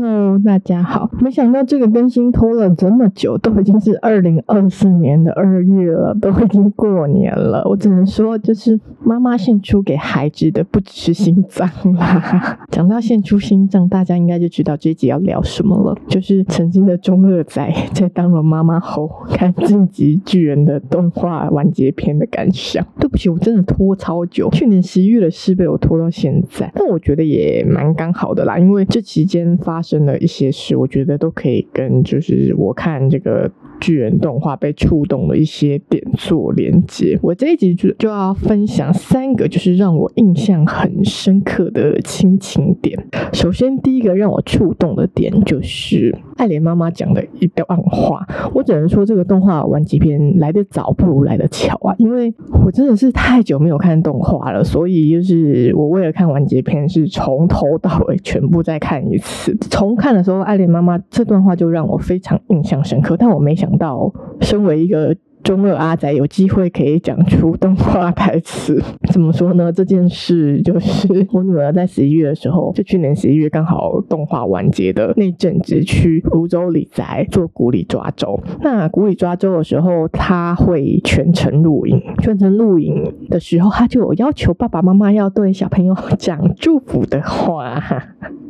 Hello，大家好！沒想到這個更新拖了這麼久，都已經是二零二四年的二月了，都已經過年了。我只能說，就是媽媽獻出給孩子的不只是心臟啦。 講到獻出心臟，大家應該就知道這一集要聊什麼了，就是曾經的中二仔在當了媽媽後看《進擊巨人》的動畫完結篇的感想。 對不起，我真的拖超久，去年十一月的事被我拖到現在，但我覺得也蠻剛好的啦，因為這期間發。真的一些事，我覺得都可以跟，就是我看這個巨人動畫被觸動的一些點做連接，我這一集就就要分享三個，就是讓我印象很深刻的親情點。首先，第一個讓我觸動的點就是艾連媽媽講的一段話，我只能說這個動畫完結篇來得早不如來得巧啊，因為我真的是太久沒有看動畫了，所以就是我為了看完結篇是從頭到尾全部再看一次。重看的時候，艾連媽媽這段話就讓我非常印象深刻，但我沒想到身為一個中二阿宅，有機會可以講出動畫台詞，怎麼說呢？這件事就是我女兒在十一月的時候，就去年十一月剛好動畫完結的那陣子去蘆洲李宅做古禮抓周。那古禮抓周的時候，她會全程錄影，全程錄影的時候，她就有要求爸爸媽媽要對小朋友講祝福的話。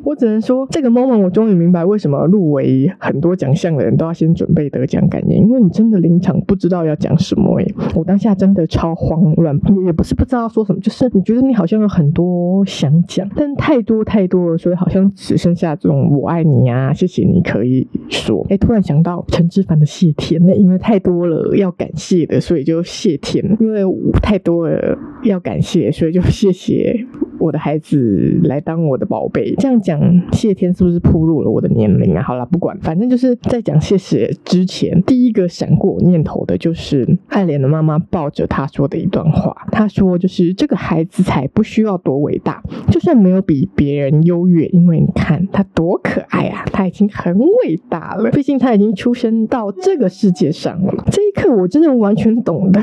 我只能說，這個 moment 我終於明白為什麼入圍很多獎項的人都要先準備得獎感言，因為你真的臨場不知道要講什麼哎。我當下真的超慌亂，也不是不知道說什麼，就是你覺得你好像有很多想講，但太多太多了，所以好像只剩下這種我愛你啊、謝謝你可以說。誒，突然想到陳志凡的謝天，那因為太多了要感謝的，所以就謝天。因為太多了要感謝，所以就謝謝。我的孩子來當我的寶貝，這樣講，謝天是不是暴露了我的年齡啊？好了，不管，反正就是在講謝謝之前，第一個閃過我念頭的就是艾連的媽媽抱着他說的一段話。他說，就是這個孩子才不需要多偉大，就算沒有比別人優越，因為你看他多可愛啊，他已經很偉大了。畢竟他已經出生到這個世界上了。這一刻我真的完全懂得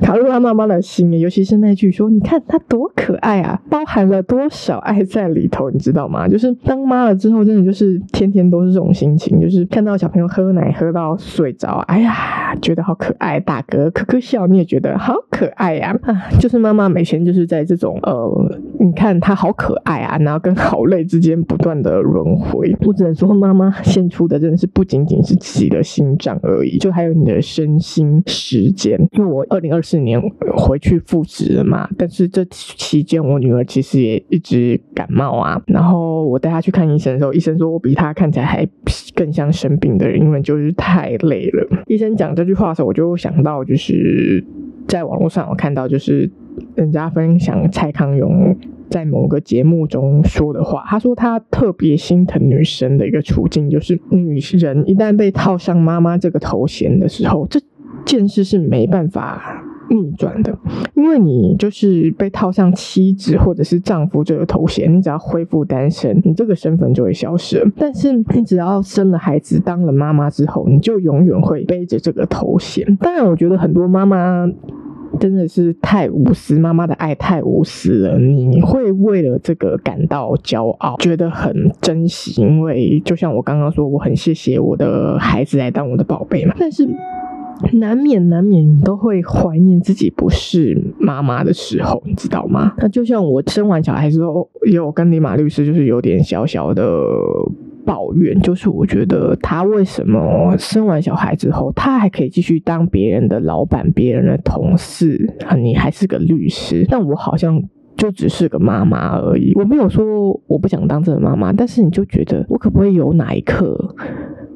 卡洛拉媽媽的心，尤其是那句說：“你看他多可愛啊！”包含了多少愛在裡頭，你知道嗎？就是當媽了之後，真的就是天天都是這種心情，就是看到小朋友喝奶喝到睡着，哎呀，覺得好可愛，打嗝、咯咯笑，你也覺得好可愛呀啊，啊！就是媽媽每天就是在這種呃，你看她好可愛啊，然後跟好累之間不斷的輪迴。我只能說，媽媽獻出的真的是不僅僅是自己的心臟而已，就還有你的身心時間。因為我二零二四年回去復職了嘛，但是這期間我女兒其實。是一直感冒啊，然後我帶他去看醫生的時候，醫生說我比他看起來還更像生病的人，因為就是太累了。醫生講這句話的時候，我就想到就是在網絡上我看到就是人家分享蔡康永在某個節目中說的話，他說他特別心疼女生的一個處境，就是女人一旦被套上媽媽這個頭銜的時候，這件事是沒辦法。逆轉的，因為你就是被套上妻子或者是丈夫這個頭銜，你只要恢復單身，你這個身份就會消失了。但是你只要生了孩子，當了媽媽之後，你就永遠會背着這個頭銜。當然，我覺得很多媽媽真的是太無私，媽媽的愛太無私了，你會為了這個感到驕傲，覺得很珍惜。因為就像我剛剛說，我很謝謝我的孩子來當我的寶貝嘛。但是。難免難免，你都會懷念自己不是媽媽的時候，你知道嗎？那就像我生完小孩之後，因為我跟李馬律師就是有點小小的抱怨，就是我覺得他為什麼生完小孩之後，他還可以繼續當別人的老闆、別人的同事，啊、你還是個律師，但我好像就只是個媽媽而已。我沒有說我不想當這個媽媽，但是你就覺得我可不可以有哪一刻。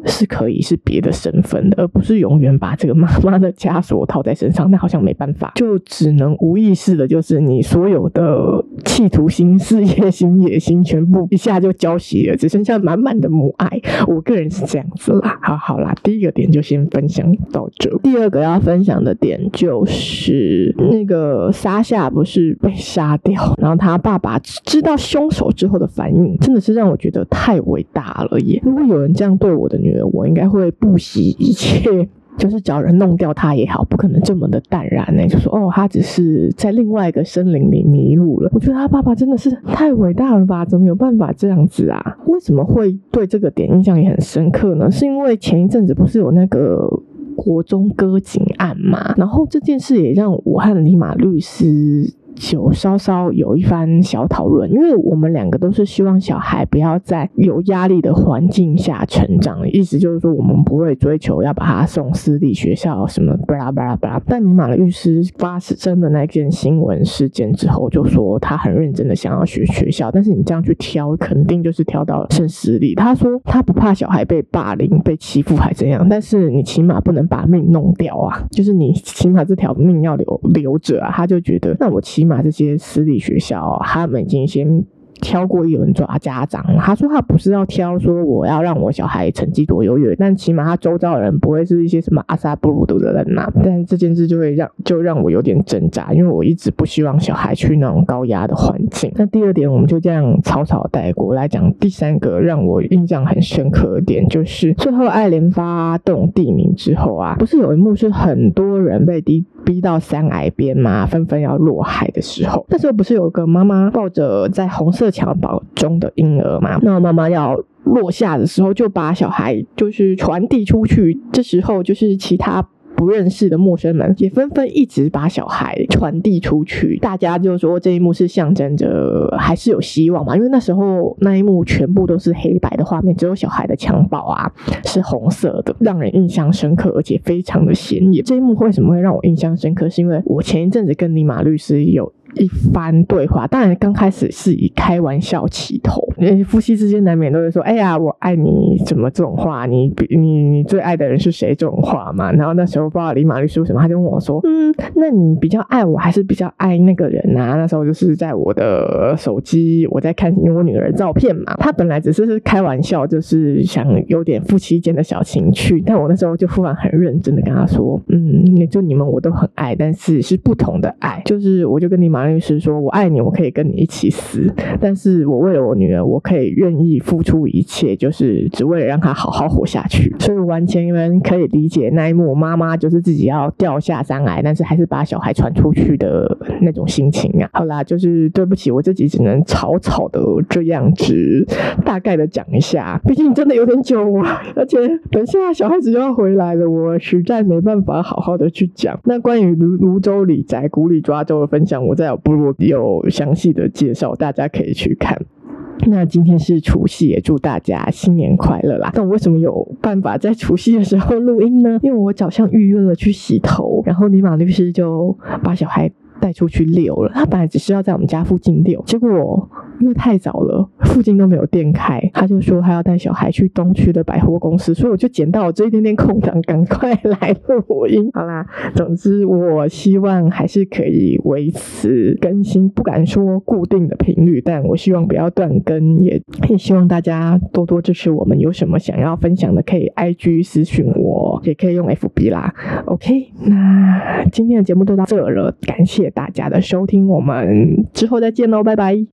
是可以是別的身份的，而不是永遠把這個媽媽的枷鎖套在身上。那好像沒辦法，就只能無意識的，就是你所有的企圖心、事業心、野心，全部一下就澆熄了，只剩下滿滿的母愛。我個人是這樣子啦。好，好啦，第一個點就先分享到這。第二個要分享的點就是那個莎夏不是被殺掉，然後他爸爸知道兇手之後的反應，真的是讓我覺得太偉大了耶！如果有人這樣對我的女，我應該會不惜一切，就是找人弄掉他也好，不可能這麼的淡然呢、欸。就說哦，他只是在另外一個森林裡迷路了。我覺得他爸爸真的是太偉大了吧？怎麼有辦法這樣子啊？為什麼會對這個點印象也很深刻呢？是因為前一陣子不是有那個國中割頸案嘛？然後這件事也讓我和李馬律師就稍稍有一番小討論，因為我們兩個都是希望小孩不要在有壓力的環境下成長，意思就是說我們不會追求要把他送私立學校什麼巴拉巴拉巴拉。但李馬律師發生的那件新聞事件之後，就說他很認真的想要學學校，但是你這樣去挑，肯定就是挑到了省私立。他說他不怕小孩被霸凌、被欺負還怎樣，但是你起碼不能把命弄掉啊，就是你起碼這條命要留留着啊。他就覺得那我起。起碼這些私立學校，他們已經先挑過一輪，抓家長了。他說他不是要挑，說我要讓我小孩成績多優越，但起碼他周遭的人不會是一些什麼阿薩布魯族的人吶、啊。但這件事就會讓就讓我有點掙扎，因為我一直不希望小孩去那種高壓的環境。那第二點，我們就這樣草草帶過來講。第三個讓我印象很深刻的點，就是最後艾連發動地鳴之後啊，不是有一幕是很多人被滴。逼到山崖邊嘛，紛紛要落海的時候，那時候不是有一個媽媽抱着在紅色襁褓中的嬰兒嘛？那媽媽要落下的時候，就把小孩就是傳遞出去。這時候就是其他。不認識的陌生人，也紛紛一直把小孩傳遞出去，大家就說，這一幕是象徵着還是有希望嘛。因為那時候那一幕全部都是黑白的畫面，只有小孩的襁褓啊是紅色的，讓人印象深刻，而且非常的顯眼。這一幕為什麼會讓我印象深刻？是因為我前一陣子跟李馬律師有。一番對話，當然剛開始是以開玩笑起頭，因為夫妻之間難免都會說“哎呀，我愛你”怎麼這種話，你你你最愛的人是誰這種話嘛。然後那時候不知道李馬律師說什麼，他就問我說：“嗯，那你比較愛我還是比較愛那個人吶、啊？”那時候就是在我的手機，我在看因為我女兒的照片嘛。他本來只是開玩笑，就是想有點夫妻間的小情趣。但我那時候就忽然很認真的跟他說：“嗯，就你們我都很愛，但是是不同的愛，就是我就跟李馬是說，我愛你，我可以跟你一起死，但是我為了我女兒，我可以願意付出一切，就是只為了讓她好好活下去，所以完全可以理解那一幕我媽媽就是自己要掉下山崖，但是還是把小孩傳出去的那種心情啊。好啦，就是對不起，我自己只能草草的這樣子大概的講一下，畢竟真的有點久啊，而且等一下小孩子就要回來了，我實在沒辦法好好的去講。那關於蘆洲李宅古裡抓周的分享，我在。不如有詳細的介紹，大家可以去看。那今天是除夕，也祝大家新年快樂啦！但我為什麼有辦法在除夕的時候錄音呢？因為我早上預約了去洗頭，然後李馬律師就把小孩帶出去遛了。他本來只是要在我們家附近遛，結果。因為太早了，附近都沒有店開，他就說他要帶小孩去東區的百貨公司，所以我就撿到我這一點點空檔，趕快來錄音。好啦，總之我希望還是可以維持更新，不敢說固定的頻率，但我希望不要斷更，也也希望大家多多支持我們。有什麼想要分享的，可以 IG 私訊我，也可以用 FB 啦。OK，那今天的節目就到這了，感謝大家的收聽，我們之後再見嘍，拜拜。